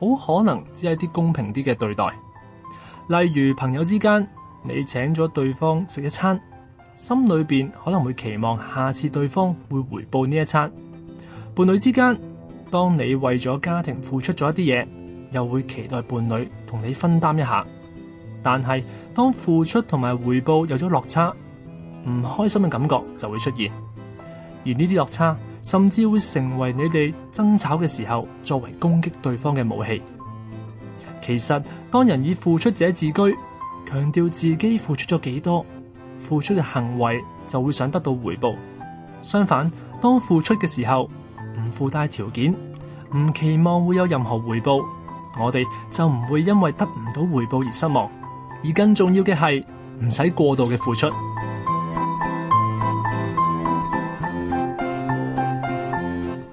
好可能只係啲公平啲嘅對待，例如朋友之間，你請咗對方食一餐，心裏面可能會期望下次對方會回報呢一餐；伴侶之間，當你為咗家庭付出咗一啲嘢，又會期待伴侶同你分擔一下。但係當付出同埋回報有咗落差，唔開心嘅感覺就會出現，而呢啲落差。甚至會成為你哋爭吵嘅時候，作為攻擊對方嘅武器。其實，當人以付出者自居，強調自己付出咗幾多，付出嘅行為就會想得到回報。相反，當付出嘅時候，唔附帶條件，唔期望會有任何回報，我哋就唔會因為得唔到回報而失望。而更重要嘅係，唔使過度嘅付出。